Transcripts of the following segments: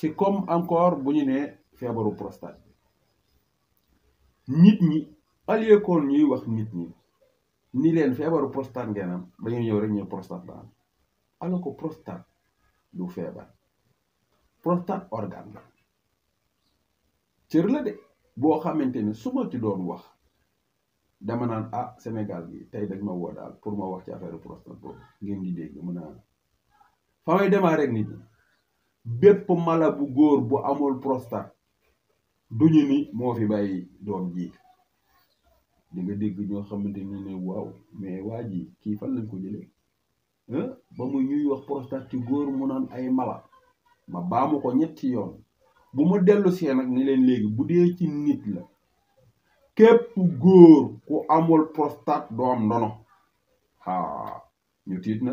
ci comme encore bu ñu nee feebaru prostate bi nit ñi alie ñuy wax nit ñi ni leen feebaru prostate ngeen am dañuy ñëw rek ñu prostate la am alors que prostate du feebar prostate organe la cër la de boo xamante ni suma ma ci doon wax dama naan ah senegal bi tey dañ ma woo daal pour ma wax ci affaire prostate boobu ngeen di dégg mën naa fa may demaa rek nit ñi bépp mala bu góor bu amul prostate duñu ni moo fi bàyyi doom ji di nga dégg ñoo xamante ni ne waaw mais waa ji kii fan lañ ko jëlee ba mu ñuy wax prostate ci góor mu naan ay mala ma baamu ko ñetti yoon bu ma dellu nag ni leen léegi bu dee ci nit la képp góor ku amul prostate doom nono ah ñu tiit na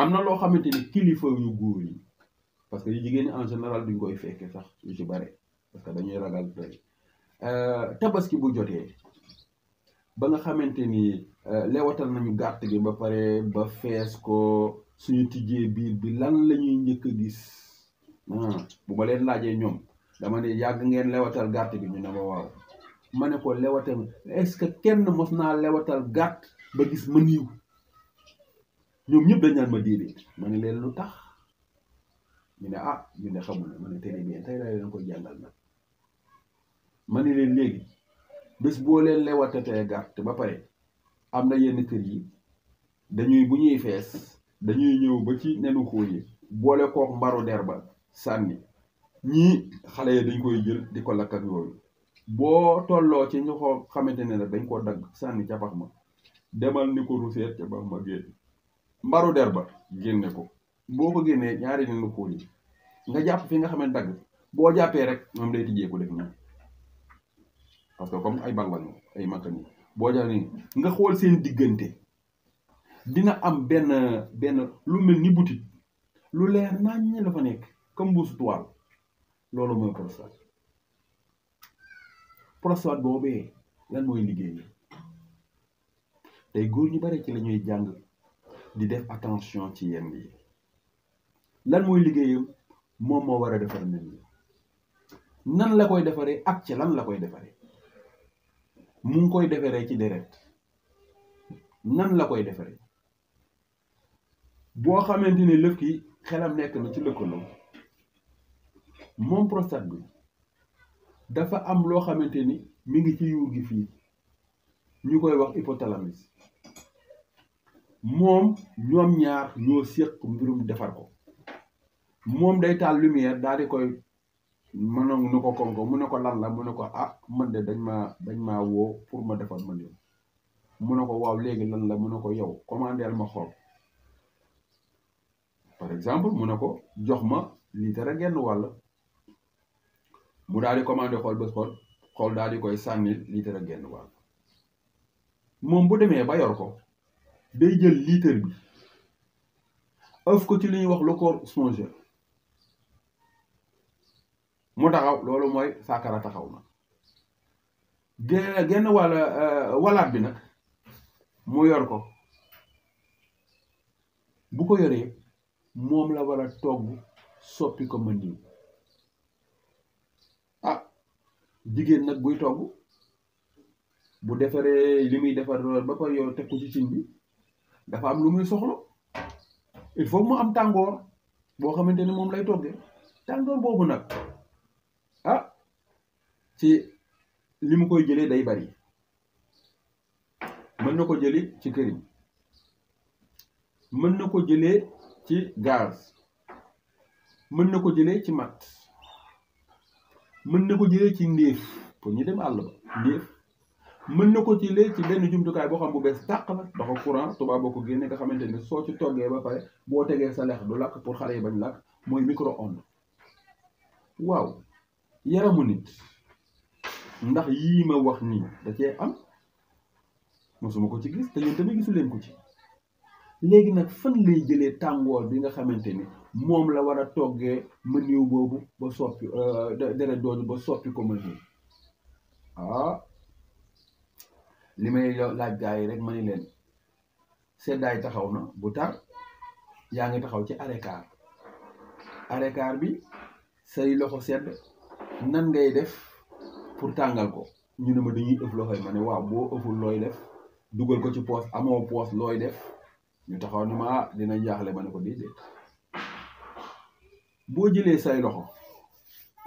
am na loo xamante ni kilifa yu góor yi parce que yu jigéen ñi en général duñ koy fekkee sax yu ci bare parce que dañuy ragal tey euh, tabaski bu jotee ba nga xamante ni euh, lewatal nañu gàtt gi ba pare ba fees ko suñu tijjee biir bi lan la ñuy njëkk a gis ah, bu ma leen laajee ñoom dama ne yàgg ngeen lewatal gàtt gi ñu ne ma waaw ma ne ko lewatal est-ce que kenn mos naa lewatal gàtt ba gis ma mëniw ñoom ñëpp dañ naan ma déedéet ma ni leen lu tax ñu ne ah ñu ne xamul ma ne tey bien tey laa leen ko jàngal nag ma ne leen léegi bés boo leen lewatatee gàtt ba pare am na yenn kër yi dañuy bu ñuy fees dañuy ñëw ba ci nenu xóo boole kook mbaru der ba sànni ñii xale yi dañ koy jël di ko lakk yooyu boo tolloo ci ñu ko xamante ne nag dañ koo dagg sànni ca pax ma demal ni ko ruseet ca pax ma génn mbaru derba genné ko boko genné ñaari ñu ko xóoli nga japp fi nga xamé dag bo jappé rek mom lay day ko def ñaan parce que comme ay bal lañu ay makani bo boo ni nga xol seen digënté dina am ben ben lu mel ni boutique lu leer naññ la fa nek comme mbuusu toile lolu moy prostate prostate bobé lan moy liggéey day goor ñu bari ci lañuy ñuy jàng di def attention ci yenn yi lan mooy liggéeyam moom moo war a defar nit ñi nan la koy defaree ak ci lan la koy defaree mu ngi koy defaree ci deret nan la koy defaree boo xamante ni lëf ki xelam nekk na ci lëkkaloo moom prostate bi dafa am loo xamante ni mi ngi ci yuur gi fii ñu koy wax hypothalamus moom ñoom ñaar ñoo séq mbirum defar ko moom day taal lumière daal di koy mënoon nu ko konko mu ne ko lan la mu ne ko ah man de dañ maa dañ maa woo pour ma defar man yow mu ne ko waaw léegi lan la mu ne ko yow commandeel ma xool par exemple mu ne ko jox ma a genn wàll mu daal di commandé xool ba xool xool daal di koy sànni a genn wàll moom bu demee ba yor ko day jël litre bi ëf ko ci li ñuy wax le ko songeur mu taxaw loolu mooy saakara taxaw na genn genn euh, walaat bi nag mu yor ko bu ko yoree moom la war a togg soppi ko mën niw ah jigéen nag buy togg bu defaree li muy defar ba pare yow teg ko ci cin bi dafa am lu muy soxla il faut mu am tàngoor boo xamante ni moom lay toggee tàngoor boobu nag ah ci li mu koy jëlee day bari mën na ko jëlee ci këriñ mën na ko jëlee ci gaas mën na ko jëlee ci mat mën na ko jëlee ci ndéef pour ñu dem àll ba ndéef mën na ko ci léegi ci benn jumtukaay boo xam bu bees tàq la dafa courant tubaab boo ko génne nga xamante ni soo ci toggee ba pare boo tegee sa lex du lakk pour xale yi bañ lakk mooy micro-ondes waaw yaramu nit ndax yii ma wax nii da cee am mosuma ko ci gis te yéen tamit gisu leen ko ci léegi nag fan lay jëlee tàngoor bi nga xamante ni moom la war a toggee mëniw boobu ba soppi euh, deret doodu ba soppi ko mëniw ah li may laaj gaa yi rek ma ni leen seddaay taxaw na bu tar yaa ngi taxaw ci arrêt car bi say loxo sedd nan ngay def pour tàngal ko ñu ne ma dañuy ëf loxoy ma ne waaw boo ëful looy def dugal ko ci poos amoo poos looy def ñu taxaw ni ma ah, dina jaaxle ma ne ko déedéet boo jëlee say loxo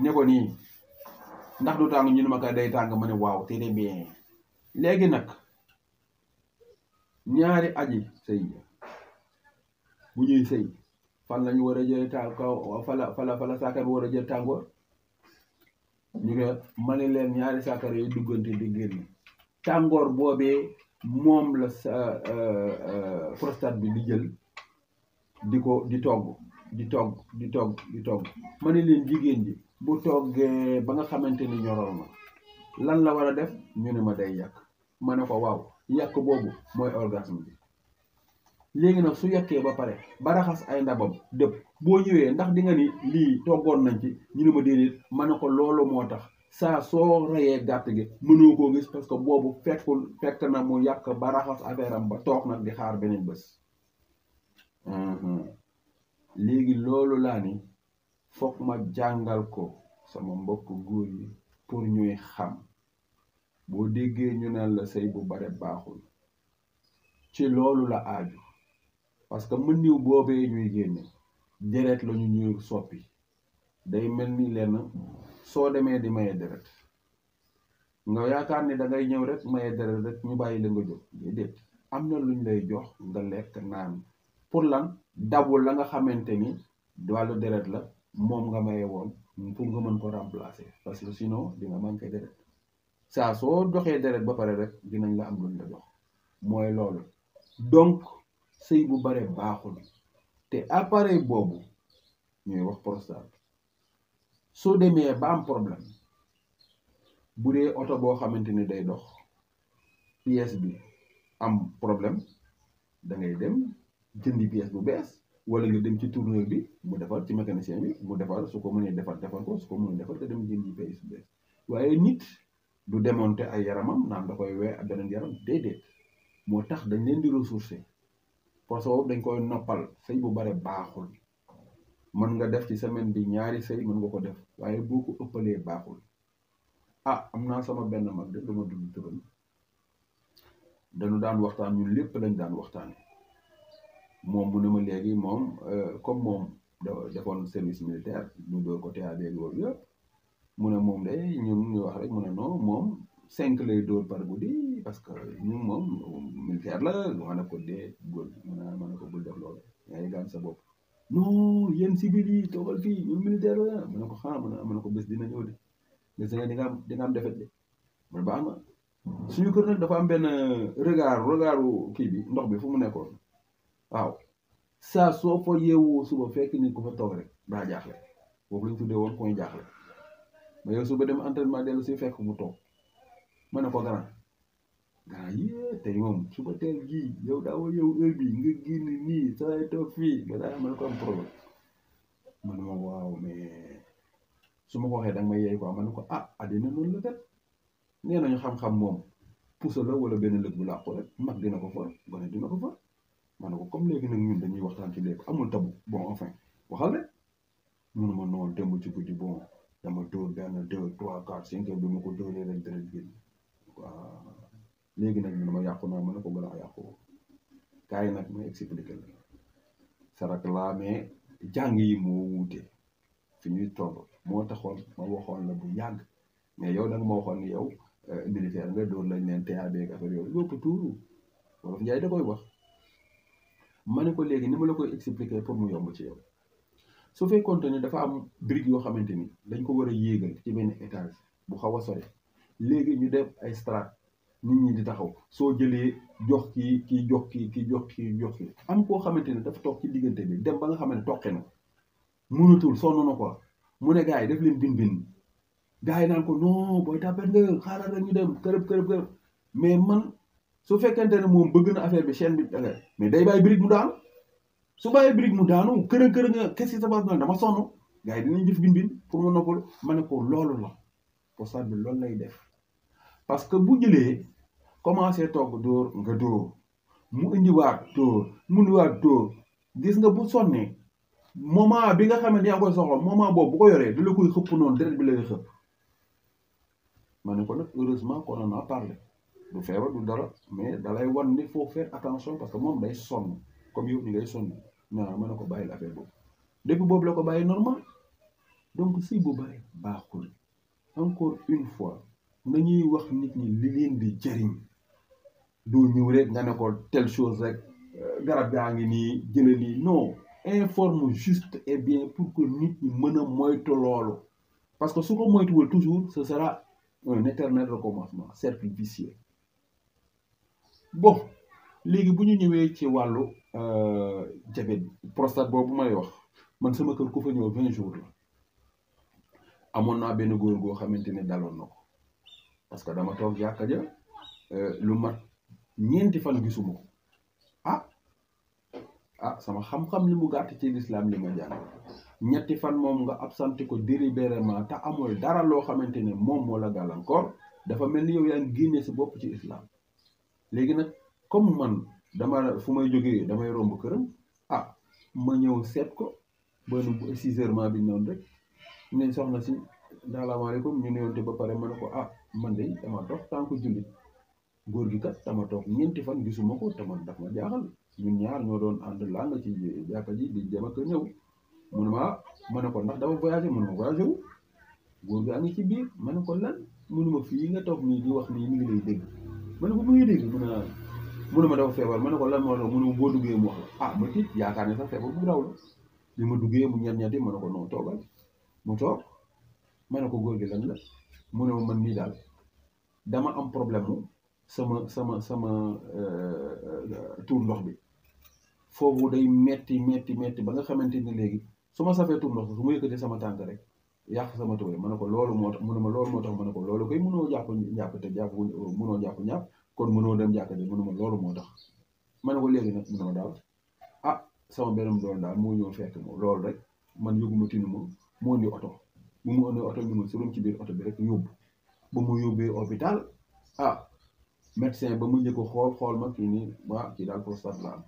ne ko nii ndax du tàng ñu ne ma ka day tàng ma ne waaw très bien léegi nag ñaari aji sëy bu ñuy sëy fan lañu war a jële tàngoor fala fala fala saakar bi war a ñu ne mani leen ñaari saakar yooyu duggante di génn tàngoor boobee moom la sa euh, euh, prostate bi di jël di ko di togg di togg di togg di togg ma ne leen jigéen ji bu toggee ba nga xamante ni ñoroon lan la war a def ñu ma day yàq ma ne ko waaw yàq boobu mooy orgasme bi léegi nak su yàkkee ba pare ba raxas ay ndabam depp bo ñëwee ndax di nga ni li togon nañ ci ñu ne ma dédé ma ko loolu moo sa so soo reyee gi mëno ko gis parce que bobu fekkul fekk na mu yak ba raxas ba tok nak di xaar beneen bés mhm. léegi lolo la ni fokk ma jangal ko sama mbokk goor yi pour ñuy xam boo déggee ñu naan la sëy bu bare baaxul ci loolu la aaju parce que mën niw boobee ñuy génne deret lañu ñuy soppi day mel ni lenn soo demee di maye deret nga yaakaar ni da ñëw rek maye deret rek ñu bàyyi la nga jóg déedéet am na luñ lay jox nga lekk naan pour lan dawul la nga xamante ni wàllu deret la moom nga maye woon pour nga mën ko remplacer parce que sinon di nga manqué deret saa soo doxee deret ba pare rek dinañ la am luñ la jox mooy loolu donc sëy bu bare baaxul te appareil boobu ñuy wax prostate soo demee ba am problème bu dee oto boo xamante ni day dox pièce bi am problème dangay ngay dem jëndi pièce bu bees wala nga dem ci tourneur bi mu defar ci mécanicien bi mu defar su ko mënee defar defar ko su ko mënee defar nga dem jëndi pièce bu bees waaye nit. du démonter ay yaramam naan da koy wee ak beneen yaram déedéet moo tax dañ leen di ressourcer procès boobu dañ koy noppal sëy bu bare baaxul mën nga def ci semaine bi ñaari sëy mën nga ko def waaye boo ko ëppalee baaxul ah am naa sama benn mag de dama du turam dañu daan waxtaan ñun lépp lañ daan waxtaan moom mu ne ma léegi moom euh, comme moom defoon service militaire ñu door ko tea léegi yëpp mu ne moom day ñun ñu wax rek mu ne non mom cinq lay door par guddi parce que ñun moom militaire la wana ko de gol mu man ko bu def lool ngay ya, ya gam sa bop non yeen civil yi togal fi ñun militaire la mu ne ko xanaa mu ne ko bes dina ñëw de mais dina nga am di nga am defet de mu ba am suñu kër nak dafa am ben euh, regard regardu ki bi ndox bi fu mu nekkon waaw sa so fo yewu suba fekk ni ko fa tok rek daa jaxle bokku lañ tuddee won point jaxle ba yow suba dem entraînement dellu si fekk mu toog ma ne ko grand grand yee tey moom suba teel gii yow daaw yow heure nga génn nii saa yi toog fii nga daal ah, mën ko am problème ma ne ko waxee da nga may ma ne ko ah àddina noonu la nee nañu xam-xam moom puso la wala benn lëg bu làqu rek mag dina ko for gone dina ko for ma ne ko comme léegi nag ñun dañuy waxtaan ci lépp amul tabu bon enfin waxal rek mënuma noonu démb ci guddi bon. dama dóor benn deux trois quatre cinq bi ma ko dóoree rek deret génn waaw léegi nag man ma yàqu naa ma ne ko gën a yàqu kaay nag ma expliqué la sarak laa mais jàng yi moo wuute fi ñuy toll moo taxoon ma waxoon na bu yàgg mais yow da nga ma waxoon ni yow euh, militaire nga dóor lañ leen TAB ak affaire yooyu yëpp tuuru wolof da koy wax ma ne ko léegi nu ma la koy expliqué pour mu yomb ci yow. su fekkoonte ni dafa am brique yoo xamante ni dañ ko war a yéegal ci benn étage bu xaw a sori léegi ñu dem ay strate nit ñi di taxaw soo jëlee jox kii kii jox kii kii jox ki jox kii am koo xamante ni dafa toog ci diggante bi dem ba nga xamane ne toqe na mënatul sonn na ko mu ne gars yi def leen bin bin gars yi naan ko non booy tàppet nga xaaral rek ñu dem kërëb kërëb kërëb mais man su fekkente ne moom bëgg na affaire bi chaîne bi mais day bàyyi brique mu daal. su bàyyi brique mu daanu kër a kër nga qu'est-ce qui se passe dama sonn gars yi dinañ jëf bin bin pour mu noppalu ma ne ko loolu la prostate bi loolu lay def parce que bu jëlee commencé togg dóor nga dóor mu indiwaat dóor mu indiwaat dóor gis nga bu sonnee moment bi nga xam ne yaa koy soxla moment boobu bu ko yoree du la koy xëpp noonu deret bi lay xëpp ma ne ko nag heureusement qu'on en a parlé du feebar du dara mais dalay wan ni faut faire attention parce que moom day sonn comme yow ni depuis la normal donc si bu bari encore une fois nañuy wax nit ñi li leen di do ñew rek nga ne ko telle chose rek euh, garab non informe juste et bien pour que parce que su ko toujours ce sera un éternel recommencement cercle bon nous ci jabet prostate bobu may wax man sama keur kou fa ñew 20 jours la amoon naa benn góor goo xamante ne daloon parce que dama tok jàkka ja lu mat ñenti fan gisuma ko ah ah sama xam-xam li mu gatt ci l'islam li ma jàng ñetti fan mom nga absenté ko délibérément ta amul dara lo xamanteni mom mo la la gàllankoor dafa melni yow yaa guiné ci bop ci islam légui nak comme man dama fu may jógee damay romb këram ah ma ñëw seet ko ba nu six heures maa noonu rek ne soxna si salaamaaleykum ñu nuyoonte ba pare ma ne ko ah man de dama dox tànk jullit góor gi kat dama toog ñeenti fan gisuma ko dama daf ma jaaxal ñun ñaar ñoo doon ànd làng ci jàkka ji di jëm ko ñëw mu ne ah, ma ne ko ndax dafa voyagé mu ne ma voyagé wu góor gi a ci biir ma ne ko lan mu ne ma fii nga toog nii di wax nii mi ngi lay dégg ma ko mu ngi dégg mune ma dafa febar ma ko lan mo tax mune bo duggé duggee mu wax ah ma tiit yaakaar ne sax febar bu daw la bi ma duggé mu ñett ñetti ma ko non toogal mu tok ma ko góor gi lan la mune mo man ni dal dama am problème sama sama sama sama euh, tour ndox bi fofu day metti metti metti ba nga xamante ni léegi su ma tour ndox su ma sama tank rek yàq sama tuur ma ne ko loolu moo tax mu ma loolu moo tax ma ko loolu koy mënoo jàpp njàpp te jàpp mënoo jàpp ñàpp kon mënoo dem jàkka ji mënuma loolu moo tax ma ne ko léegi nag daal ah sama benn doon daal moo ñëw fekk ma loolu rek man yóbbuma tinuma moo indi oto bu mu indi oto ñu ci biir oto bi rek yóbbu ba mu yóbbee hôpital ah médecin ba mu njëkk xool xool ma kii nii waa kii daal prostate la am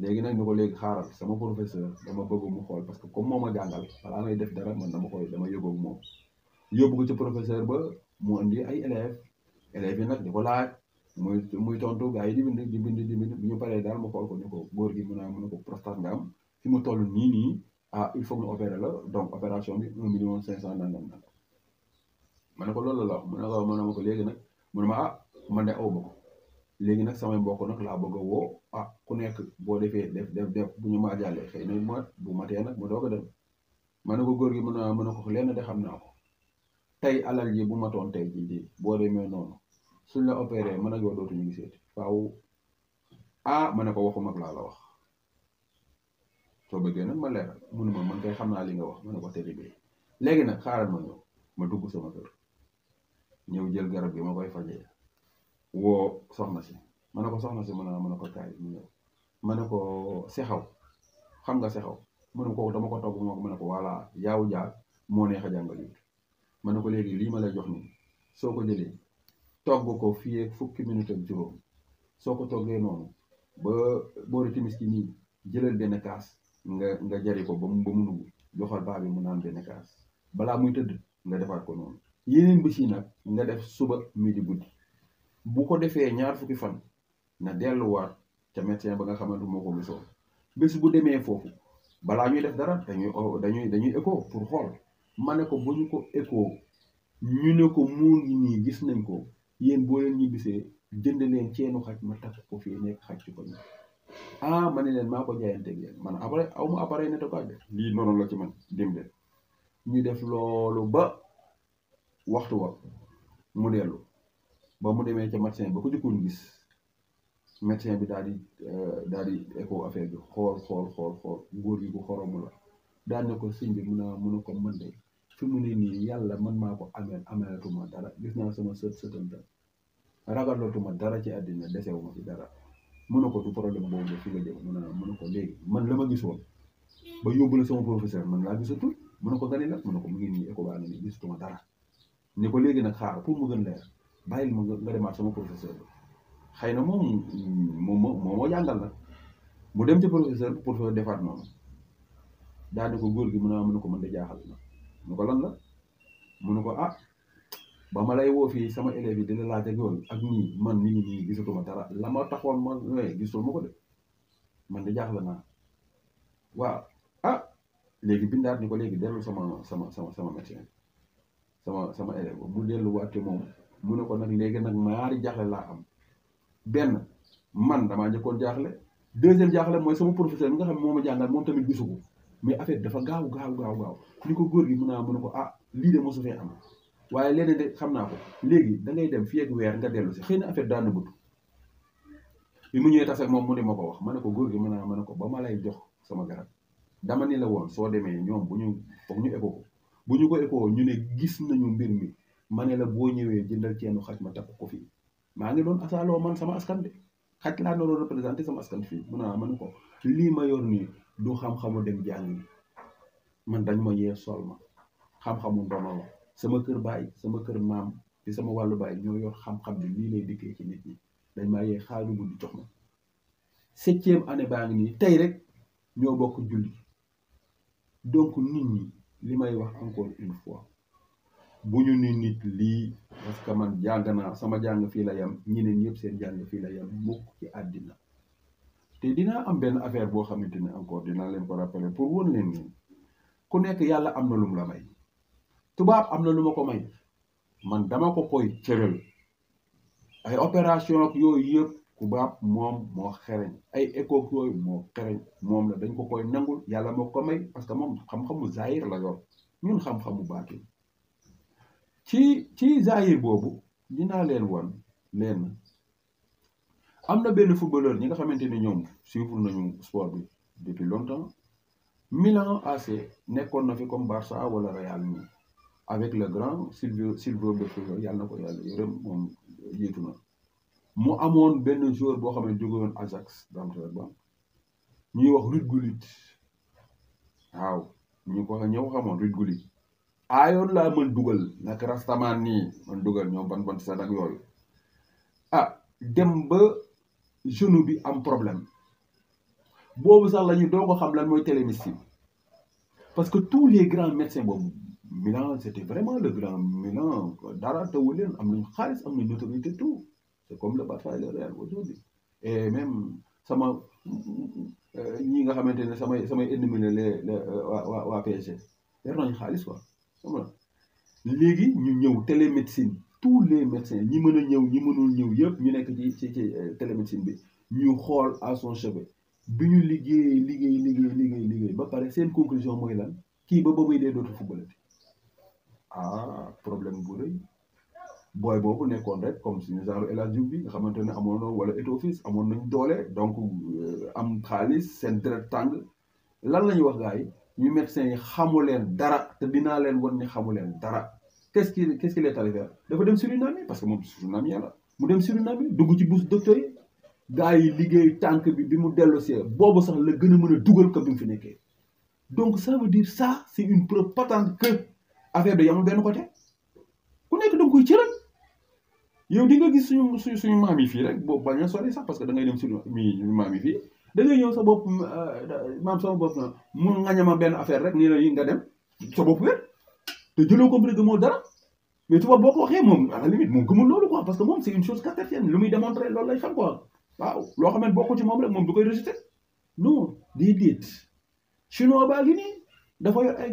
léegi nag ni ko léegi xaaral sama professeur dama bëgg mu xool parce que comme moom a jàngal balaa ngay def dara man dama koy dama yóbbu moom yóbbu ko ci professeur ba mu indi ay élèves élèves yi nag di ko laaj muy muy tontu gars di bind di bind di bind bi ñu paree daal mu xool ko ne ko góor gi mu ne mu ko prostate nga am fi mu toll nii nii ah il faut ñu opérer la donc opération bi un million cinq cent nangam nangam ma ne ko loolu la wax mu ne ko ma ne ma ko léegi nag mu ma ah man de aw ma ko léegi nag samay mbokk nag laa bëgg a woo ah ku nekk boo defee def def def bu ñu maa jàllee xëy na ma bu matee nag ma doog dem ma ko góor gi mu ne ko lenn de xam ko tey alal ji bu matoon tey ji ji boo demee noonu suñ la opéré ah, man ak yow dootuñu giseeti faaw a ma ko waxu mag la la wax so bëggee nag ma leeral mënuma ne ma man kay xam li nga wax mëna ko tëri bi léegi nag xaaral ma ñu ma dugg sama kër ñew jël garab bi ma koy fajé wo soxna ci ma ko soxna ci mëna mëna ko tay ñu ñew ma ko sexaw xam nga sexaw mënu ko dama ko togg mo mëna ko wala yaaw jaar mo neexa jangal jàngal it ko légui li ma lay jox ni soko jëlé togg ko fuk fukki minute ak juróom soo ko toggee noonu ba bori timis ni nii jëlal kaas nga nga jari ko bam bam nu joxal baabi mu naan benn kaas bala muy teud nga defal ko non yeneen nak nga def suba midi guddi bu ko defee ñaar fukki fan na war ca médecin ba nga xamante moo ko gisoon bés bu demee fofu bala ñuy def dara dañuy dañuy dañuy écho pour xol mané ko buñ ko écho ñu ne ko mu ngi ni gis nañ ko yéen boo leen ñibbisee jënd leen ceenu xaj ma takk ko fii nekk xaj ci ko ah ma ne leen maa ko jaayanteeg man appareil aw ma appareil ne ci man dim de def loolu ba waxtu mu dellu ba mu demee ca médecin ba ko gis médecin bi daal di euh, daal di écho affaire bi xool xool xool xool góor gi ko xoromu la daan na ko sëñ bi mun a mun a mën de fi mu ne yàlla man maa ko ameel ameelatuma dara gis naa sama sët sëtam ragalootuma dara ci àddina desewuma ci dara mun na ko du problème boobu fi na mun na ko léegi man la ma gisoon ba yóbbu la sama professeur man laa gisatul mun ko gani nag ko mu ngi nii ECOWAS na ni dara ni ko léegi nag xaar pour mu gën ma nga sama professeur xëy na moom moom moo moo jàngal la mu dem ci professeur pour fa defaat noonu daane ko góor gi mun a mun na ko mën da jaaxal na mu ko lan la mu ne ko ah ba ma lay woo fii sama élèves yi dina laa ak yoon ak ñii man nit ñi nii gisatuma dara la ma taxoon ma nooyee eh, gisoo ma ko man di jaaxle naa waaw ah léegi bindaat ni ko léegi dellu sama sama sama sama médecin sama sama élève bu delluwaat moom mu ne ko nag léegi nag ñaari jaaxle laa am benn man damaa njëkkoon jaaxle deuxième jaaxle mooy sama professeur mi nga xam moo ma jàngal moom tamit gisu ko mais affaire dafa gaaw gaaw gaaw gaaw ni ko góor gi mun naa mun ne ko ah lii de mosu fee am. waaye leneen de xam naa ko léegi da ngay dem fii ak weer nga dellu si xëy na affaire daan na bëgg mu ñëwee tase moom mu ne ko wax ma ne ko góor gi ma ne ma ne ko ba ma lay jox sama garab dama ni la woon soo demee ñoom ñu foog ñu écho ko bu ñu ko écho ñu ne gis nañu mbir mi ma ne la boo ñëwee jëndal ceenu xaj ma takk ko fii maa ngi doon asaaloo man sama askan de xaj laa doon représenté sama askan fii mu ne ma ne ko lii ma yor nii du xam-xamu dem jàng man dañ ma yee sol ma xam-xamu ndono la sama kër baay sama kër maam ci sama wàllu baay ñoo yor xam-xam bi lii lay dikkee ci nit ñi dañ maa yee xaaru guddi jox ma septième année baa ngi nii tey rek ñoo bokk julli donc nit ñi li may wax encore une fois bu ñu ni nit lii parce man jàng naa sama jàng fii la yam ñeneen ñëpp seen jàng fii la yam mukk ci àddina te dinaa am benn affaire boo xamante ne encore dinaa leen ko rappeler pour won leen ku nekk yàlla am na lum la may. Tu am na lu ma ko may man dama ko koy cëral ay opération ak yooyu yëpp ay la dañ ko koy nangul yàlla ko may parce que zahir la yor ñun xam ci ci zahir na footballeur ñi nga xamante ni suivre nañu sport bi depuis longtemps Milan AC na comme Barça avec le grand Silvio Silvio Bertozzo yàlla na ko yàlla yërëm moom jiitu na mu amoon benn joueur boo xam ne jóge woon Ajax d'Amsterdam ñuy wax Ruud Gullit waaw ñu ko ñëw xamoon Ruud Gullit aayoon la mën dougal, nak rastamaan nii mën dugal ñoom ban ban sa nak yoy ah dem ba genou bi am problème bobu sax lañu do doo ko xam lan mooy télémédecine parce que tous les grands médecins bobu Milan c'était vraiment le grand Milan dara tawu leen am nañ xaalis am notoriété tout c'est comme le Barça le Real aujourd'hui et même sama euh, ñi nga xamante ne samay samay ennemi la les waa waa PSG yor nañu quoi Légui, nga léegi ñu ñëw télémédecine tous les médecins ñi mon a ni ñi mënul ñëw yëpp ñu nekk ci ci ci euh, télémédecine bi ñu à son chevet bi ñu liggéey liggéey liggéey liggéey Bah ba c'est une conclusion mooy lan Qui ba ba d'autres footballeurs ah problème bu boy booy rek comme si genre nga xamantene ne wala Eto office amoon nañ doole donc euh, am xaalis seen deret lan wax gars ñu médecin yi dara te dina len dara qu'est-ce qu'est-ce est arrivé dafa dem Suriname parce que Suriname mu dem Suriname dugg ci bourse docteur yi yi a un bi bi mu bobu sax la ko fi donc ça veut dire ça c'est une preuve patente que affaire bi amul ben côté ku nous da nga koy cëral yow di nga gis suñu suñ suñu maam fi rek bo bañ sax parce que da ngay dem suñu maam yi da ngay ñëw sa bop euh, mam sama bop na mu ngañama ben affaire rek ni la yi nga dem sa bop te compris que dara mais tuba boko ko mom à la limite moom gëmul pas quoi parce que c'est une chose lu muy démontrer lolu lay xam quoi waaw lo ne bokku ci mom rek mom du koy non déedéet chinois baa dit. nii dafa yor ay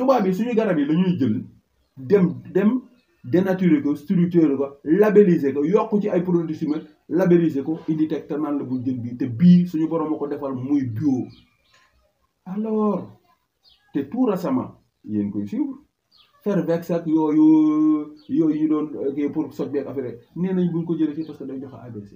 tubaab yi suñu garab yi la ñuy jël dem dem dénaturer ko structurer ko labelliser ko yokk ci ay produits chimiques labelliser ko indi teg te naan la bu jël bii te bii suñu borom ko defal muy bio alors te tout récemment yéen koy suivre Fervex ak yooyu yooyu yi doon kii pour soj beeg affaire nee nañ buñ ko jëlee fii parce que day joxe ABC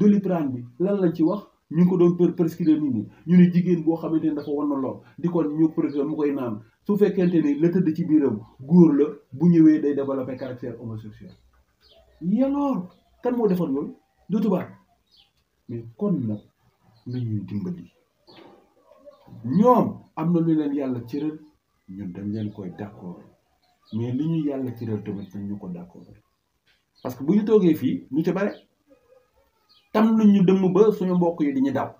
doliprane bi lan lañ ci wax. ñu ngi ko doon prescrire ñu ne jigéen boo xamante ni dafa wan na lor di kon ñu prescrire mu koy naan su fekkente ni la tëdd ci biiram góor la bu ñëwee day développer caractère homosexuel yaloor kan moo defar loolu du tubaab mais kon nag nañuy dimbali ñoom am na lu leen yàlla cëral ñun dañ leen koy d'accord mais li ñu yàlla cëral tamit nañ ñu ko d'accord parce que bu ñu toogee fii ñu ci bare tam lu ñu dëmm ba suñu mbokk yi di ñu daw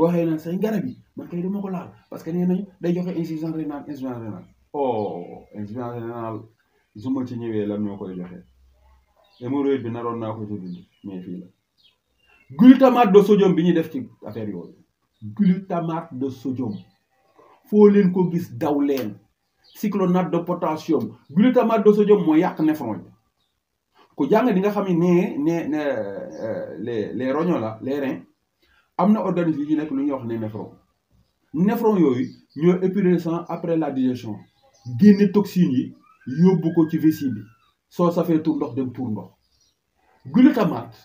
waxee na say garab bi man kay dama ko laal parce que nee nañ day joxe insuffisance rénale insuffisance rénale oh insuffisance rénale su ma ci ñëwee lan ñoo koy joxe hémorroïde bi naroon naa ko ci mais fii la glutamate de sodium bi ñuy def ci affaire yooyu glutamate de sodium foo leen ko gis daw leen cyclonate de potassium glutamate de sodium mooy yàq nephron yi ku jàng di nga xam ne ne ne euh, les les rognons la les reins am na organisme yu nekk lu ñuy wax ne néphron néphron yooyu ñoo épurer le sang après la digestion génne toxines yi yóbbu ko ci vessie bi soo safee tur ndox dem tur ndox glutamate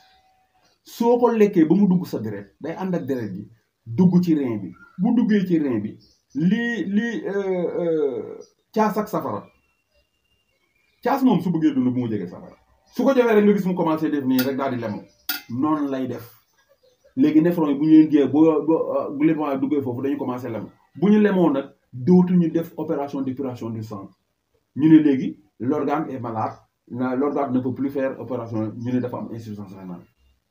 soo ko lekkee ba mu dugg sa deret day ànd ak deret bi dugg ci rein bi bu duggee ci rein bi lii lii euh, euh, caas ak safara caas moom su bëggee dund bu mu jege safara su ko defee rek nga gis mu commencé def nii rek daal di lem non lay def léegi nefron yi bu ñu leen jiyee boo euh, bu lément duggee fofu dañu commencé lem bu ñu nak nag dootuñu def opération d'épuration du sang ñu ne léegi l'organe est malade l'organe ne peut plus faire opération ñu ne dafa am insuffisance rénale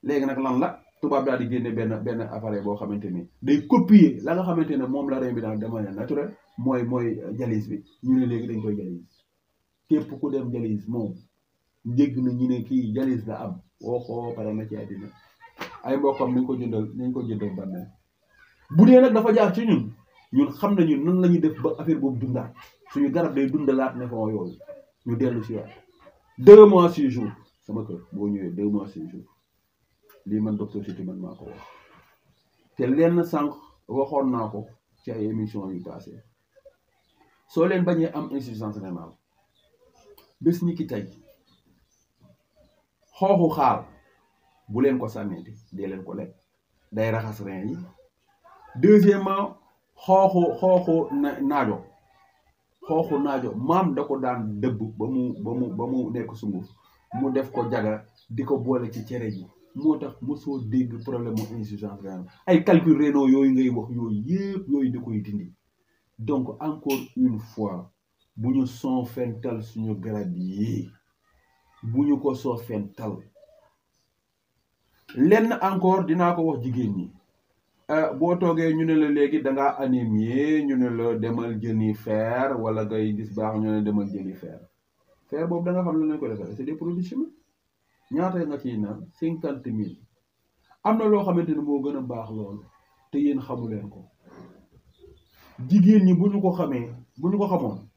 léegi nak lan la tuba daal di génne ben ben appareil bo xamanteni day copier la nga xamanteni mom la rein bi daal de manière naturelle moy mooy euh, dialyse bi ñu ne léegi dañ koy dialyse képp ku dem dialyse mom dégg na ñu ne kii jalis la am woo ko pare na ci àddina ay mbokkam nañ ko jëndal nañ ko jëndal bàmmeel bu dee nag dafa jaar ci ñun ñun xam nañu nan la ñuy def ba affaire boobu dundaa suñu garab day dundalaat ne foo yooyu ñu dellu si waat deux mois six jours sama kër boo ñëwee deux mois six jours lii man docteur Siti man maa ko wax te lenn sànq waxoon naa ko ci ay émission yu passé soo leen bañee am insuffisance rénale bés ñi ki xooxu xaal bu leen ko sànniti dee leen ko lekk day raxas rein yi deuxièmement xooxu xooxu naajo xooxu naajo maam da ko daan dëbb ba mu ba mu ba mu nekk sunguf mu def ko jaga di ko boole ci cere ji moo tax mosoo dégg problème mu insuffisance rénale ay calcul rénaux yooyu ngay wax yooyu yëpp yooyu da koy dindi donc encore une fois bu ñu sonfental suñu garab yi bu ñu ko soofental lenn encore dinaa ko wax jigéen ñi euh, boo toogee ñu ne la léegi dangaa ngaa anémie ñu ne la demal jëni fer wala ngay gis baax ñu ne demal jëni fer fer boobu danga nga xam ne lañ ko defee c'est des produits chimiques ñaata nga ciy naan cinquante mille am na loo xamante ne moo gën a baax loolu te yéen xamu leen ko jigéen ñi bu ñu ko xamee bu ñu ko xamoon.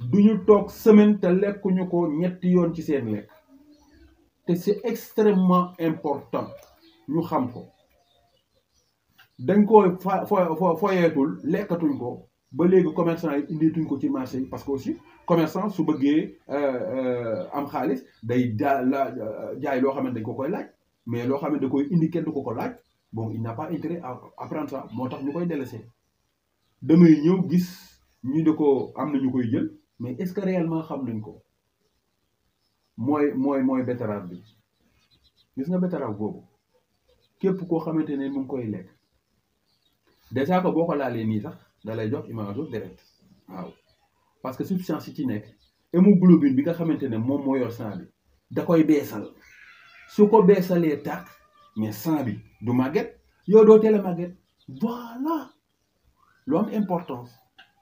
duñu tok semaine te lekkuñu ko ñetti yoon ci seen lekk te c'est extrêmement important ñu xam ko dañ ko fa foyeetul lekkatuñ ko ba léegi commerçant yi indeetuñ ko ci marché yi parce que aussi commerçant su bëggee euh, euh, am xaalis day la jaay loo xam dañ ko koy laaj mais loo xam da koy indi kenn du ko ko laaj bon il n'a pas intérêt à apprendre ça moo tax ñu koy délaissé damay ñëw gis ñu di ko am na ñu koy jël mais est-ce que réellement xam nañ ko mooy mooy mooy betterave bi gis nga betterave boobu képp koo xamante ne koy lekk déjà que boo jox image direct waaw parce que substance yi ci nekk hémoglobine bi nga xamante ne moom moo sang bi da koy beesal su ko beesalee mais sang bi du màgget yow a voilà L'homme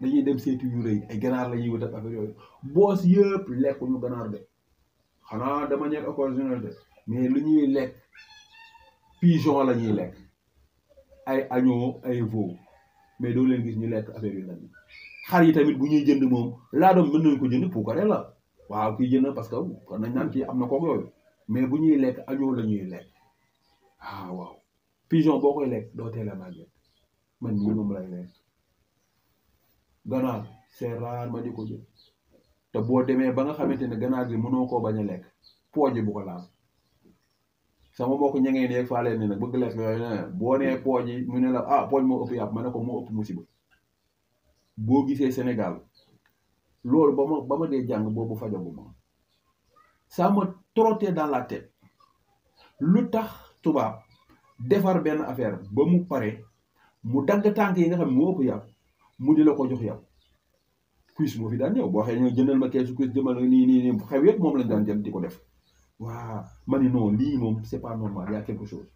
dañuy dem seeti yu ay ganaar la ñuy wut ak affaire yooyu boos yëpp lekkuñu ganaar de xanaa de manière occasionnelle de mais lu ñuy lekk pigeon la ñuy lekk ay agneau ay veau mais doo leen gis ñu lekk affaire yu nag xar yi tamit bu ñuy jënd moom laa doon mën nañ ko jënd puukare la waaw kii jënd parce que kon nañ naan kii am na kook yooyu mais bu ñuy lekk agneau la ñuy lekk ah waaw pigeon boo koy lekk doo teel man mii moom lay lekk ganaar c'est rare ma di ko jël te boo demee ba nga xamante ne ganaar gi mënoo koo bañ a lekk pooji bu ko laal sama mbokk ñangeen yeeg faa leen ne nag bëgg lekk ne boo nee pooj yi mu ne la ah pooj moo ëpp yàpp ma ne ko moo ëpp musiba boo gisee Sénégal loolu ba ma dee jàng boobu fajagu ma ça m'a dans la tête lu tax tubaab defar benn affaire ba mu pare mu dagg tànk yi nga xam ne moo ëpp yàpp mu di la ko jox yow kuis moo fi daan ñëw boo xëy ma keesu kuis jëmal nii nii nii xew yëpp moom lañ daan jëm di ko def waa ma ne non lii moom c'est pas normal y a quelque chose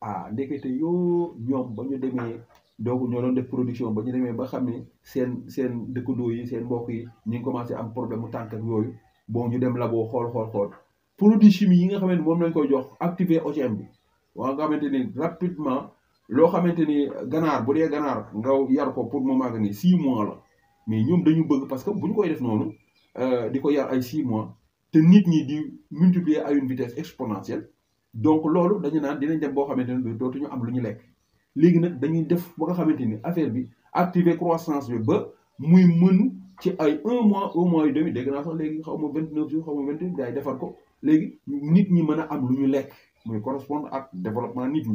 ah ndekete yoo ñoom ba ñu demee donc ñoo doon def production ba ñu demee ba xam ni seen seen dëkkandoo yi seen mbokk yi ñu ngi commencé am problème mu tànk ak yooyu bon ñu dem labo xool xool xool produit chimie yi nga xamante moom lañ koy jox activer OGM bi waa nga xamante ni rapidement lo xamanteni ganar bu dee nga yar ko pour mois la mais ñom dañu bëgg parce que vous koy def nonu euh diko yar ay 6 mois nit ñi di à une vitesse exponentielle donc lolu dañu dinañ dem bo xamanteni dootu ñu am luñu lek nak def bo xamanteni affaire bi activer croissance bi ba muy mën ci ay un mois un mois et demi dégg naa sax 29 jours xawmo day ko nit ñi am développement nit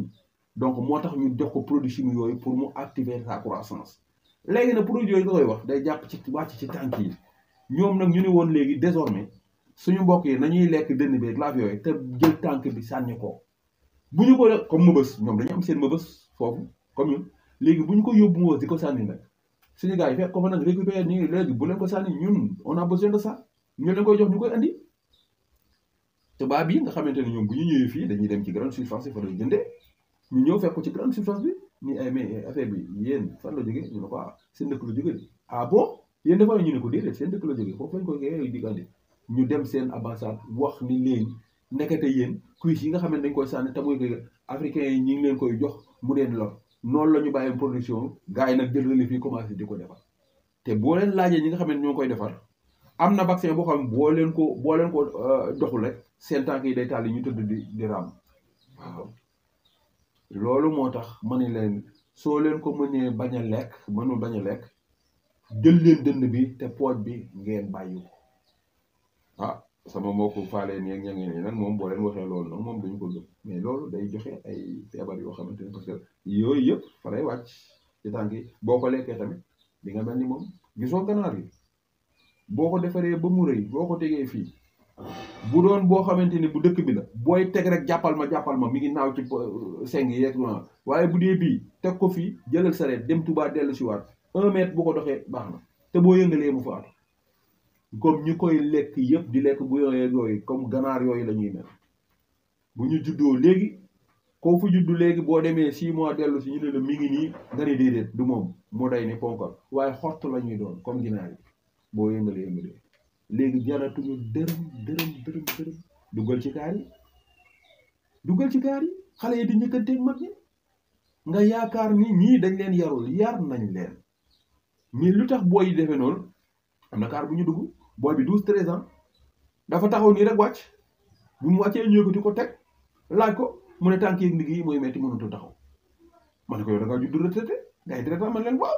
donc moo tax ñu jox ko produit chimique yooyu pour mu activer sa croissance léegi nag produit yooyu nga koy wax day jàpp ci wàcc ci tànk yi ñoom nag ñu ne woon léegi désormais suñu mbokk yi nañuy lekk dënn bi laaf yooyu te jël tànk bi sànni ko bu ñu ko comme bës ñoom dañu am seen ma mëbës foofu comme ñun léegi bu ñu ko yóbbu mëbës di ko sànni nag suñu yi fekk ko fa nag récupérer ñu léegi bu leen ko sànni ñun on a besoin de ça ñu leen koy jox ñu koy andi tubaab yi nga xamante ne ñoom bu ñu ñëwee fii dañuy dem ci grande surface yi fa doon ñu ñëw fekk ci grande surface bi ni ay eh, mais eh, affaire bi yéen fan la jógee ñu ne ko ah seen dëkk la jógee ah bon yéen dafa ñu ne ko déedéet seen dëkk la jógee foofu lañ koy yooyu dem seen ambassade wax ni léegi nekkate yéen cuisse yi nga xam ne dañ koy sànni tamuy ko africains yi ñu ngi leen koy jox mu leen lor noonu la ñu bàyyi production gars yi nag jël relais fii commencé di ko defar te boo leen laajee ñi nga xam ne ñoo koy defar am na vaccin boo xam boo leen ko boo leen ko euh, doxul rek seen tànk yi day taal yi ñu tëdd di di raam loolu moo tax ma ne leen soo leen ko mënee bañ a lekk mënul bañ a lekk jël leen dënd bi te pooj bi ngeen bàyyi ko ah sama mbokku faaleen yeeg ngeen yi nag moom boo leen waxee loolu nag moom dañu ko gëm mais loolu day joxe ay feebar yoo xamante ne parce que yooyu yëpp fa lay wàcc ci tànk boo ko lekkee tamit di nga mel ni moom gisoo ganaar yi boo ko defaree ba mu rëy boo ko tegee fii bu doon boo xamante ni bu dëkk bi la booy teg rek jàppal ma jàppal ma mi ngi naaw ci euh, seng yi rek waaye bu dee bii teg ko fii jëlal sareet dem Touba dellu si waat un mètre bu ko doxee baax na te boo yëngalee mu faatu comme ñu koy lekk yëpp di lekk bu yooyu comme ganaar yooyu la ñuy mel ñu juddoo léegi koo fu léegi boo demee six mois dellu si ñu ne mi ngi nii nga ne déedéet du moo day ne waaye xott la ñuy doon comme ginaar boo yëngalee yëngalee léegi jaratuñu dërëm dërëm dërëm dërëm dugal ci kaar yi dugal ci kaar yi xale yi di njëkkanteeg mag ñi nga yaakaar ni ñii dañ leen yarul yar nañ leen mais lu tax booy yi defee noonu am na kaar bu ñu dugg booy bi douze treize ans dafa taxaw nii rek wàcc bu mu wàccee ñëwati ko teg laaj ko mu ne tànk yeeg ndigg yi mooy metti mënatu taxaw ma ne ko yow da ngaa judd retraité ngay traité man leen waaw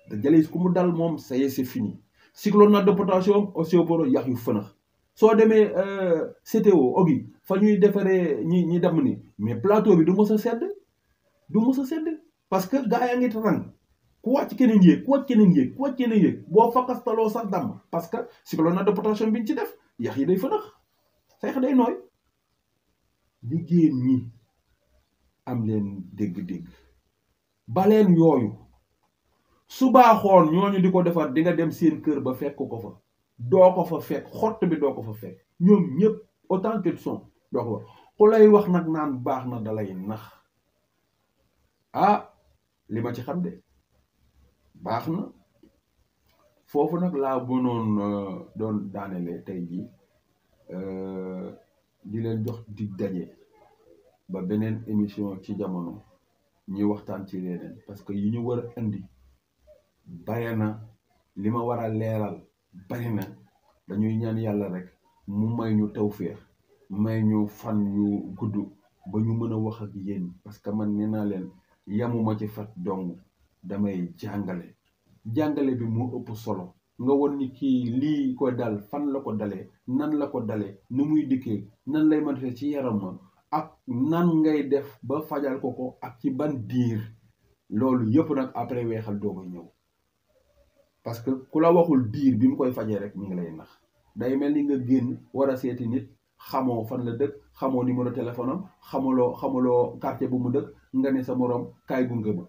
te jalis ku mu dal mom ça y est c'est fini cyclonate de potassium am ostéoporose yax yu fënax soo demee euh, CTO ogi fa ñuy defaree ñi ñi dam ni mais plateau bi du mos a du mos a parce que gaa yaa ngi tarang ku wàcc keneen yéeg ku wàcc keneen yéeg ku wàcc keneen yéeg boo talo sax dam parce que cyclonate de potassium bi ci def yax yi day fënax say day nooy liggéen ñi am leen dégg-dégg baleen yooyu su baaxoon ñooñu di ko defar di nga dem seen kër ba fekk ko fa doo ko fa fekk xott bi doo ko fa fekk ñoom ñëpp autant qu'ils sont doo ko lay wax nag naan baax na dalay nax ah li ma ci xam de baax na foofu nag laa bonoon euh, doon daanele tey jii euh, di leen jox di daje ba beneen émission ci jamono ñuy waxtaan ci leneen parce que yi ñu war a indi bare na li ma war a leeral bari na dañuy ñaan yàlla rek mu may ñu tawféex may ñu fan ñu gudd ba ñu mën a wax ak yéen parce que man nee naa leen yamuma ci fat dong damay jàngale jàngale bi mu ëpp solo nga won ni kii lii ko dal fan la ko dalee nan la ko dalee nu muy dikkee nan lay mën ci yaramam ak nan ngay def ba fajal ko ko ak ci ban diir loolu yëpp nag après weexal doo ko ñëw parce que ku la waxul diir bi mu koy fajee rek mi ngi lay nax day mel ni nga génn war a seeti nit xamoo fan la dëkk xamoo numéro téléphone am xamuloo xamuloo karte bu mu dëkk nga ne sa morom kaay gunge ba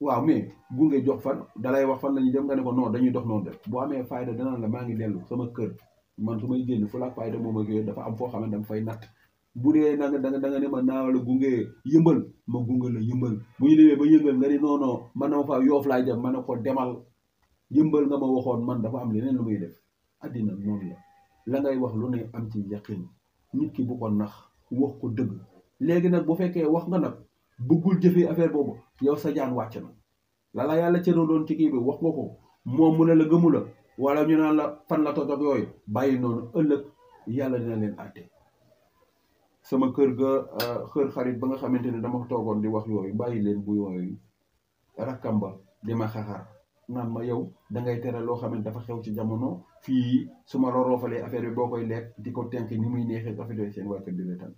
waaw mais gunge jox fan dalay wax fan la ñuy dem nga ne ko non dañuy dox noonu def bu amee fayda danaan la maa ngi dellu sama kër man su may génn fu la fayda dafa am foo xam ne dama fay natt bu dee da nga da nga ne ma naa la gunge yëmbal ma gunge la yëmbal bu ñu demee ba yëngal nga ne non non man ma fa yoof laay dem man na ko demal yëmbal nga ma waxoon man dafa am leneen lu muy def àddina noonu la la ngay wax lu ne am ci yaqin nit ki bu ko nax wax ko dëgg léegi nag bu fekkee wax nga nag bëggul jëfee affaire boobu yow sa jaan wàcc na lala yàlla cëroo doon ci kii bi wax nga ko moom mu ne la gëmu la wala ñu naan la fan la toog yooyu bàyyi noonu ëllëg yàlla dina leen àtte sama kër ga xër euh, xarit ba nga xamante ne dama toogoon di wax yooyu bàyyi leen bu yooyu rakkam ba di ma xaxar naan ma yow da ngay tere loo xam ne dafa xew ci jamono fii su ma roroofalee affaire bi boo koy lekk di ko tenk ni muy neexee dafa doy seen waa kër di reetaan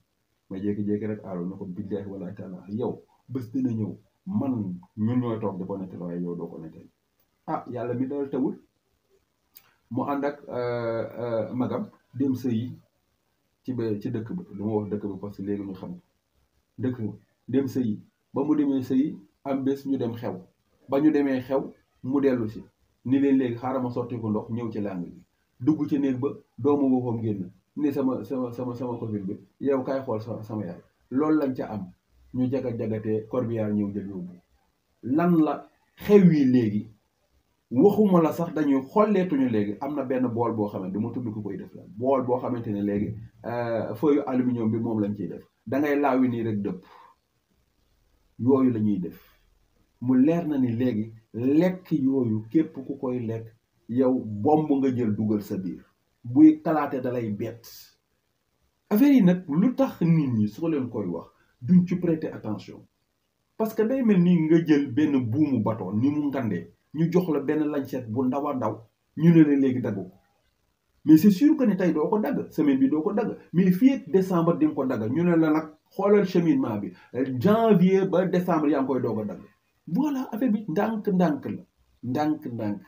ma jékki-jékki rek aaro na ko billaahi wallaahi taala yow bés dina ñëw man ñun ñooy toog di ko nettali waaye yow doo ko nettali ah yàlla mi dal tawul mu ànd ak euh, euh, magam dem sëyi ci ba ci dëkk ba lu ma wax dëkk ba parce que léegi xam dëkk ba dem sëyi ba mu demee sëyi am bés ñu dem xew ba ñu demee xew mu dellu si ni leen léegi xaaral ma sotti ko ndox ñëw ci làng bi dugg ci néeg ba doomu boppam génn ni sama sama sama sama covid bi yow kaay xool sa sama yaay loolu lañ ca am ñu jagat jagatee corbillard ñëw jël yóbbu lan la xew léegi waxuma la sax dañuy xolleetuñu léegi am na benn bool boo xamante du ma tudd ko koy def bool boo xamante ne léegi euh, feuille aluminium bi moom lañ ciy def da ngay nii rek dëpp yooyu la ñuy def mu leer na ni léegi lekk yooyu képp ku koy lekk yow bomb nga jël dugal sa biir buy talaate dalay bett affaire yi nag lu tax nit ñi soo leen koy wax duñ ci prêter attention parce que day mel ni nga jël benn buumu bato ni mu ngandee ñu jox la benn lancette bu ndaw a ndaw ñu ne la léegi dagg ko mais c'est sûr que ne tey doo ko dagg semaine bi doo ko dagg mais fii ak décembre di ko dagg ñu ne la nag xoolal cheminement bi janvier ba décembre yaa ngi koy doog a dagg voilà affaire bi ndànk-ndànk la ndànk-ndànk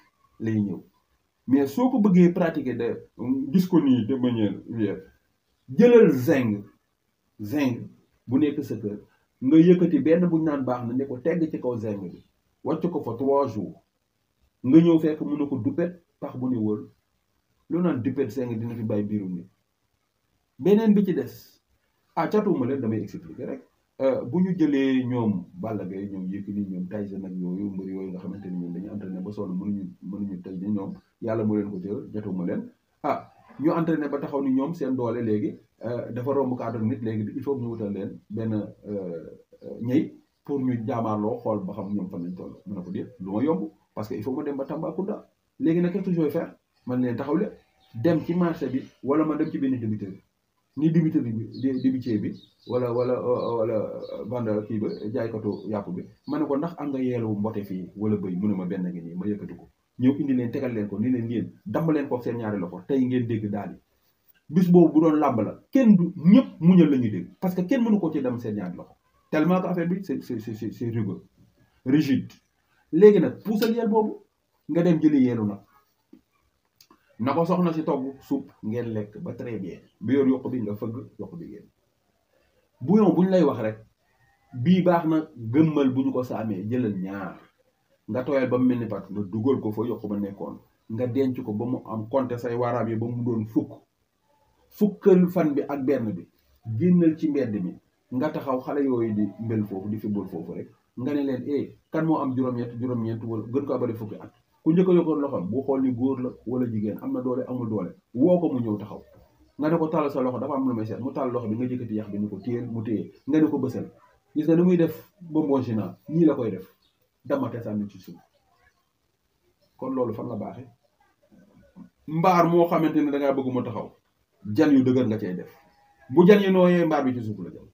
lay ñëw mais soo ko bëggee pratiquer de um, gis ko nii de manière wéer jëlal zinc zinc bu nekk sa nga yëkkati benn buñ naan baax na ne ko tegg ci kaw zinc bi wàcc ko fa trois jours nga ñëw fekk mun na ko duppet pax bu ne wël loo naan duppet zinc dina fi bàyyi biirum ni beneen bi ci des ah catuuma leen damay expliquer rek Euh, bu ñu jëlee ñoom Balla beey ñoom Yékini ñoom Tyson nag yooyu mbër yooyu nga xamante ni ñoom dañu entraîné ba sonn mënuñu mënuñu tey ni ñoom yàlla mu leen ko jël jotuma leen ah ñu entraîné ba taxaw ni ñoom seen doole léegi euh, dafa romb cadre nit léegi il faut ñu wutal leen benn euh, ñëy pour ñu jaamaarloo xool ba xam ñoom fan lañ toll na ko def lu ma yomb parce que il faut ma dem ba Tambacounda léegi nag qu'est-ce que je vais man leen taxaw leen dem ci marché bi wala ma dem ci benn débiteur ni débuté bi débuté bi wala wala wala vende kii ba jaaykatu yàpp bi ma ne ko ndax am nga yeelu mbote fii wala bëy mu ne ma benn ngi nii ma yëkkati ko ñëw indi leen tegal leen ko ni leen ngeen damb leen ko seen ñaari loxo tey ngeen dégg daal bis boobu bu doon làmb la kenn du ñëpp muñal la ñuy dégg parce que kenn mënu ko ci dem seen ñaari loxo tellement que affaire bi c'est c'est c'est c'est rugueux rigide léegi nag puusal yeel boobu nga dem jëli yeelu na na ko soxna si togg soup ngeen lekk ba très bien bi yor yokk bi nga fëgg yokk bi ngeen bouillon buñ lay wax rek bi na gëmmal bu ko samé jëlal ñaar nga toyal ba melni mel pat nga duggal ko fa yokk ba nekkoon nga denc ko ba mu am compter say waram yi ba mu doon fukk fukkel fan bi ak benn bi gennal ci mbedd mi nga taxaw xale yoy di mbel fofu di fi bol fofu rek nga ne len eh kan mo am juróom ñet juróom ñet wol gën ko abale fukki at ku njëkk a loxo loxoom bu xool ni góor la wala jigéen am na doole amul doole woo ko mu ñëw taxaw nga ne ko tàll sa loxo dafa am lu may seet mu tàll loxo bi nga jëkkati yax bi ni ko téyel mu téye nga ne ko bësal gis nga ni muy def bonbon gina nii la koy def damate sànni ci suuf kon loolu fan la baaxee mbaar moo xamante ne dangaa bëgg mu taxaw jan yu dëgër nga cay def bu jan yi nooyee mbaar bi ci suuf la jël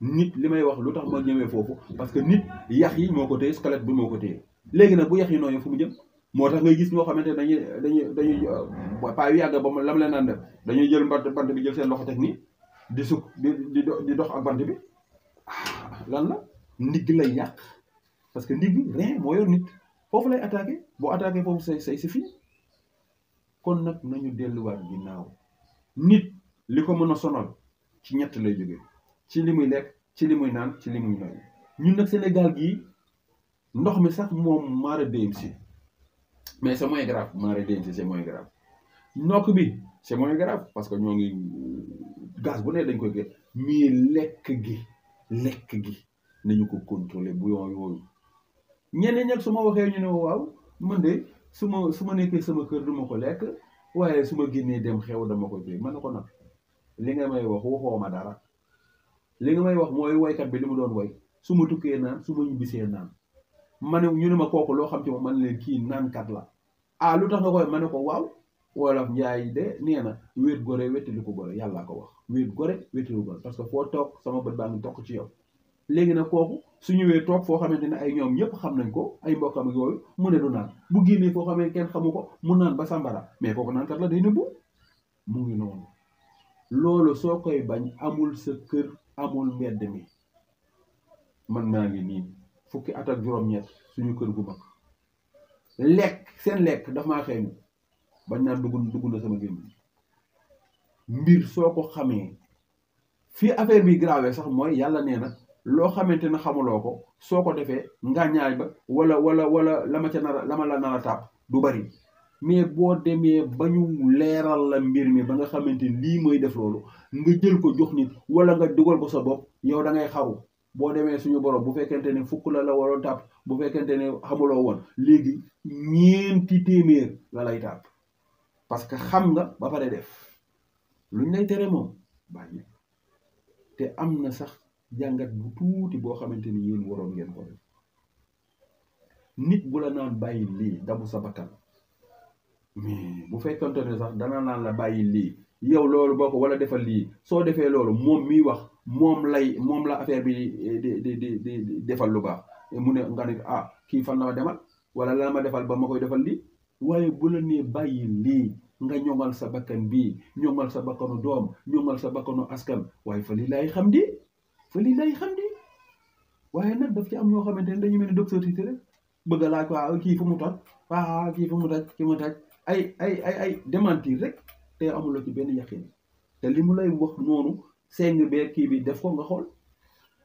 nit li may wax lu tax ma ñëwee foofu parce que nit yax yi moo ko téye squelette bi moo ko téye léegi nag bu yax yi nooyee fu mu jëm moo tax ngay gis ñoo xamante ne dañuy dañuy dañuy euh, paa yu yàgg lam leen naan def dañuy jël bant bant bi jël seen loxo teg nii di sukk di di dox ak bant bi ah, lan la ndigg lay yàq parce que ndigg rien moo yor nit foofu lay attaqué boo attaqué foofu say say si fii kon nag nañu delluwaat ginnaaw nit li ko mën a sonal ci ñett lay jóge ci li muy lekk ci li muy naan ci li muy noyyi ñun nag Sénégal gii ndox mi sax moom maara dem si mais c'est moins grave maara dem si c'est moins grave nokk bi c'est moins grave parce que ñoo ngi gaz bu ne dañ koy gën mais lekk gi lekk gi nañu ko contrôler bu yoon yooyu ñenn ñag su ma waxee ñu ne waaw man de su ma su ma nekkee sama kër du ma ko lekk waaye su ma génnee dem xew dama ko jël mën na ko nag li nga may wax waxoo ma dara li nga may wax mooy woykat bi li mu doon woy su ma tukkee naan su ma ñibbisee naan ma ne ñu ne ma kooku loo xam ci moom man leen kii naankat la ah lu tax nga koy ma ne ko waaw wolof njaay de nee na wéet gore wéttali ko gore yàllaa ko wax wéet gore wéttali ko gore parce que foo toog sama bët baa ngi toog ci yow léegi nag kooku su ñëwee toog foo xamante ne ay ñoom ñëpp xam nañ ko ay mbokkam ak yooyu mu ne du naan bu génnee foo xamee kenn xamu ko mu naan ba sambara mais kooku naankat la day nëbbu mu ngi noonu loolu soo koy bañ amul sa kër amul mbedd mi man maa ngi nii fukki at ak juróom-ñett suñu kër gu mag lekk seen lekk daf maa xeeñu bañ naan dugg dugg na sama gémmiñ mbir soo ko xamee fii affaire bi grave sax mooy yàlla nee na loo xamante ne xamuloo ko soo ko defee ngàññaay ba wala wala wala lama ma ca nar a la ma tàpp du bari mais boo demee ba ñu leeral la mbir mi ba nga xamante lii mooy def loolu nga jël ko jox nit wala nga dugal ko sa bopp yow da ngay xaru boo demee suñu borom bu fekkente ne fukk la la waroon tàpp bu fekkente ne xamuloo woon léegi ñeenti téeméer la lay tàpp parce que xam nga ba pare def luñ lay tere moom bàyyi te am na sax jàngat bu boo xamante ni yéen waroon ngeen ko nit bu la bàyyi lii dabu sa bakkan mais bu fekkante ne sax dana naan la bàyyi lii yow loolu boo ko wala defal lii soo defee loolu moom miy wax moom lay moom la affaire bi eh, di defal lu baax eh, mu ne nga ne ah kii fan la ma demal wala la ma defal ba ma koy defal lii waaye bu la nee bàyyi lii nga ñoŋal sa bakkan bi ñoŋal sa bakkanu doom ñoŋal sa bakkanu askan waaye fa lii lay xam di fa lii lay xam di waaye nag daf ci am ñoo xamante ne dañu mel ni docteur Cissé rek bëgg a laaj ah, kii fu mu toj waa ah, kii fu mu toj ki mu toj ay ay ay ay démentir rek te amuloo ci benn yaqin te li mu lay wax noonu. seng bee kii bi def ko nga xool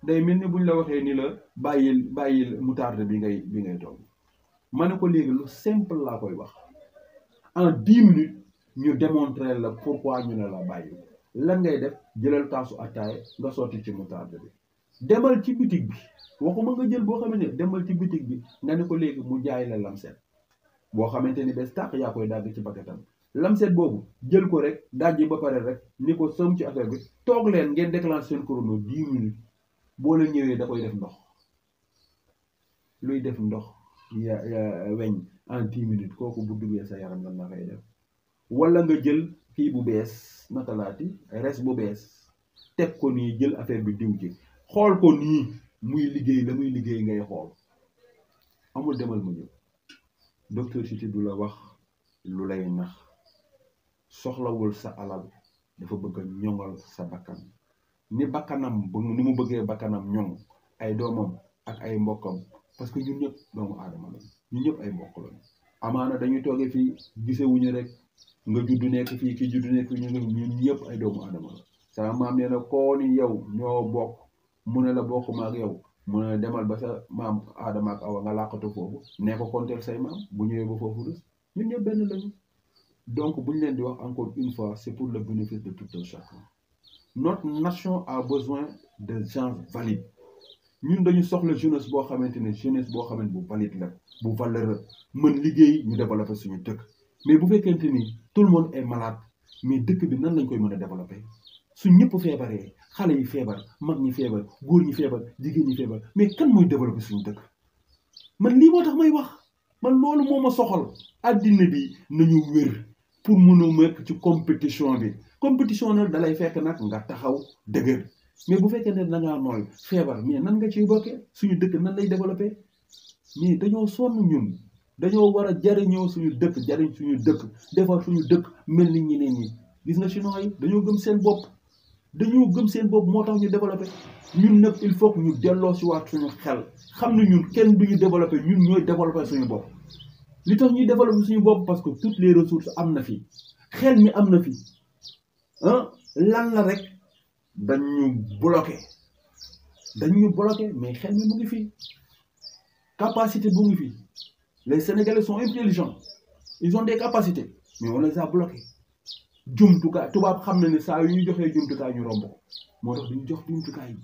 day mel ni buñ la waxee ni la bàyyil bàyyil moutarde bi ngay bi ngay togg ma ne ko léegi lu simple laa koy wax en dix minutes ñu démontrer la pourquoi ñu ne la bàyyi lan ngay def jëlal kaasu attaaya nga sotti ci moutarde bi demal ci bitig bi waxuma nga jël boo xamante ne demal ci bitig bi nga ne ko léegi mu jaay la lamset boo xamante ni bés tàq yaa koy dagg ci bakkatam lamset boobu jël ko rek dajji ba pare rek ni ko sëm ci affaire bi toog leen ngeen déclenché seen chrono dix minutes boo leen ñëwee da koy def ndox luy def ndox ya weñ en dix minutes kooku bu duggee sa yaram lan la koy def wala nga jël kii bu bees matalaati res bu bees teg ko nii jël affaire bi diw ji xool ko nii muy liggéey la muy liggéey ngay xool amul demal ma ñëw docteur si du la wax lu lay nax soxlawul sa alal dafa bëgg a ñoŋal sa bakkan ni bakkanam ni mu bëggee bakkanam ñoŋ ay doomam ak ay mbokkam parce que ñun ñëpp doomu aadama la ñun ñëpp ay mbokk dañuy toogee fii gisewuñu rek nga juddu nekk fii kii juddu nekk ñu ñun ñëpp ay doomu aadama la sama maam nee na koo ni yow ñoo bokk mu ne la bokkuma ak yow mu ne demal ba sa maam aadama ak awa nga làqatu foofu nee ko konteel say maam bu ñëwee ba foofu rek ñun ñëpp benn lañu Donc, encore une fois, c'est pour le bénéfice de tout un chacun. Notre nation a besoin de gens valides. Nous devons la jeunesse bo xamantene jeunesse bo xamantene bu valide la bu valeur meun liguey ñu développer suñu dëkk mais bu fekkenté tout le monde est malade mais dëkk bi nan lañ koy mëna développer su ñëpp fébaré xalé yi fébar mag ñi fébar goor ñi fébar jigéen ñi fébar mais kan moy développer suñu dëkk man li motax may wax man loolu moma soxal adina bi nañu wër pour mën a nekk ci compétition bi compétition nag dalay fekk nag nga taxaw dëgër mais bu fekkee ne da ngaa nooy feebar mais nan nga ciy bokkee suñu dëkk nan lay développé mais dañoo sonn ñun dañoo war a jariñoo suñu dëkk jariñ suñu dëkk defar suñu dëkk mel ni ñeneen ñi gis nga chinois yi dañoo gëm seen bopp dañoo gëm seen bopp moo tax ñu développé ñun nag il faut que ñu delloo si waat suñu xel xam ne ñun kenn duñu développé ñun ñooy développé suñu bopp li tax ñuy développer suñu bopp parce que toutes les ressources am na fi xel mi am na fi ah lan la rek dañ ñu bloqué dañ ñu bloqué mais xel mi mu ngi fi capacité bu ngi fi les sénégalais sont intelligents ils ont des capacités mais on les a bloqués jumtukaay tubaab xam na ne saa yu ñu joxee jumtukaay ñu romb ko moo tax duñu jox jumtukaay yi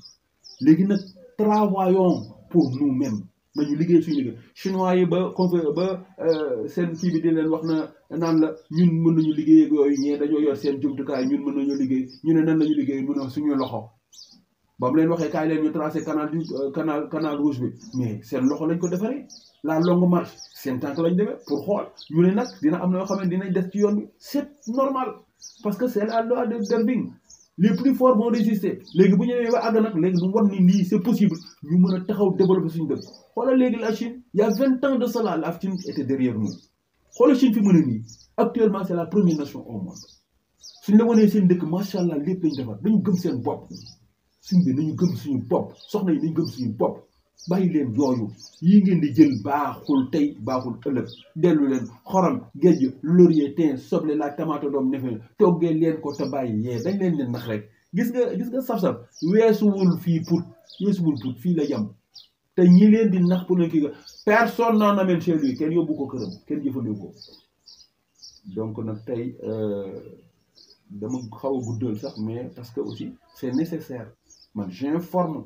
léegi nag travaillons pour nous-mêmes. nañu liggéey suñu liggéey chinois yi ba conv ba euh, seen kii bi di leen wax na naan la ñun mën nañu liggéey ak yooyu ñee dañoo yor seen jumtukaay ñun mën nañu liggéey ñu ne nan lañu liggéey mu ne suñu loxo ba mu leen waxee kaay leen ñu tracé canal du euh, canal canal rouge bi mais seen loxo lañ ko defaree la longue marche seen tànk lañ demee pour xool ñu ne nag dina am na yoo xam ne def ci yoon bi c'est normal parce que c'est la loi de Durbin les plus forts vont résister légui bu ñëwee ba àgg nag léegi du won ni c'est possible ñu mëna taxaw développer suñu dëkk xoolal légui la Chine il y a 20 ans de cela la Chine était derrière nous xoolal Chine fi mëna ni actuellement c'est la première nation au monde suñu la wanee seen dëkk macha allah lépp lañ defar dañu gëm seen bop suñu bi nañu gëm suñu bop soxna yi nañu gëm suñu bop bàyyi leen jooju yi ngeen di jël baaxul tey baaxul ëllëg dellu leen xorom géej laurier thym soble la tamaate doom nefe toggee leen ko te bàyyi yee dañ leen leen nax rek gis nga gis nga saf-saf weesuwul fii pour weesuwul put fii la jam te ñi leen di nax pour ki kii personne n'en amène chez lui kenn yóbbu ko këram kenn jëfandikoo ko donc nag tey euh, dama xaw a guddal sax mais parce que aussi c'est nécessaire man j'informe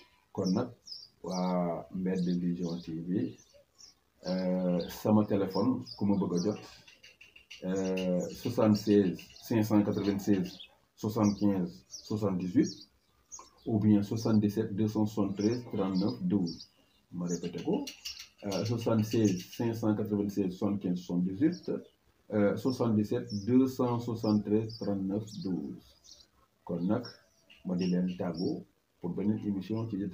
kon wa Mère de Vision TV euh, sama téléphone ku 76 596 75 78 ou bien 77 273 39 12 ma répète. 76 596 75 78 77 273 39 12 kon nag por benefício de misión que yo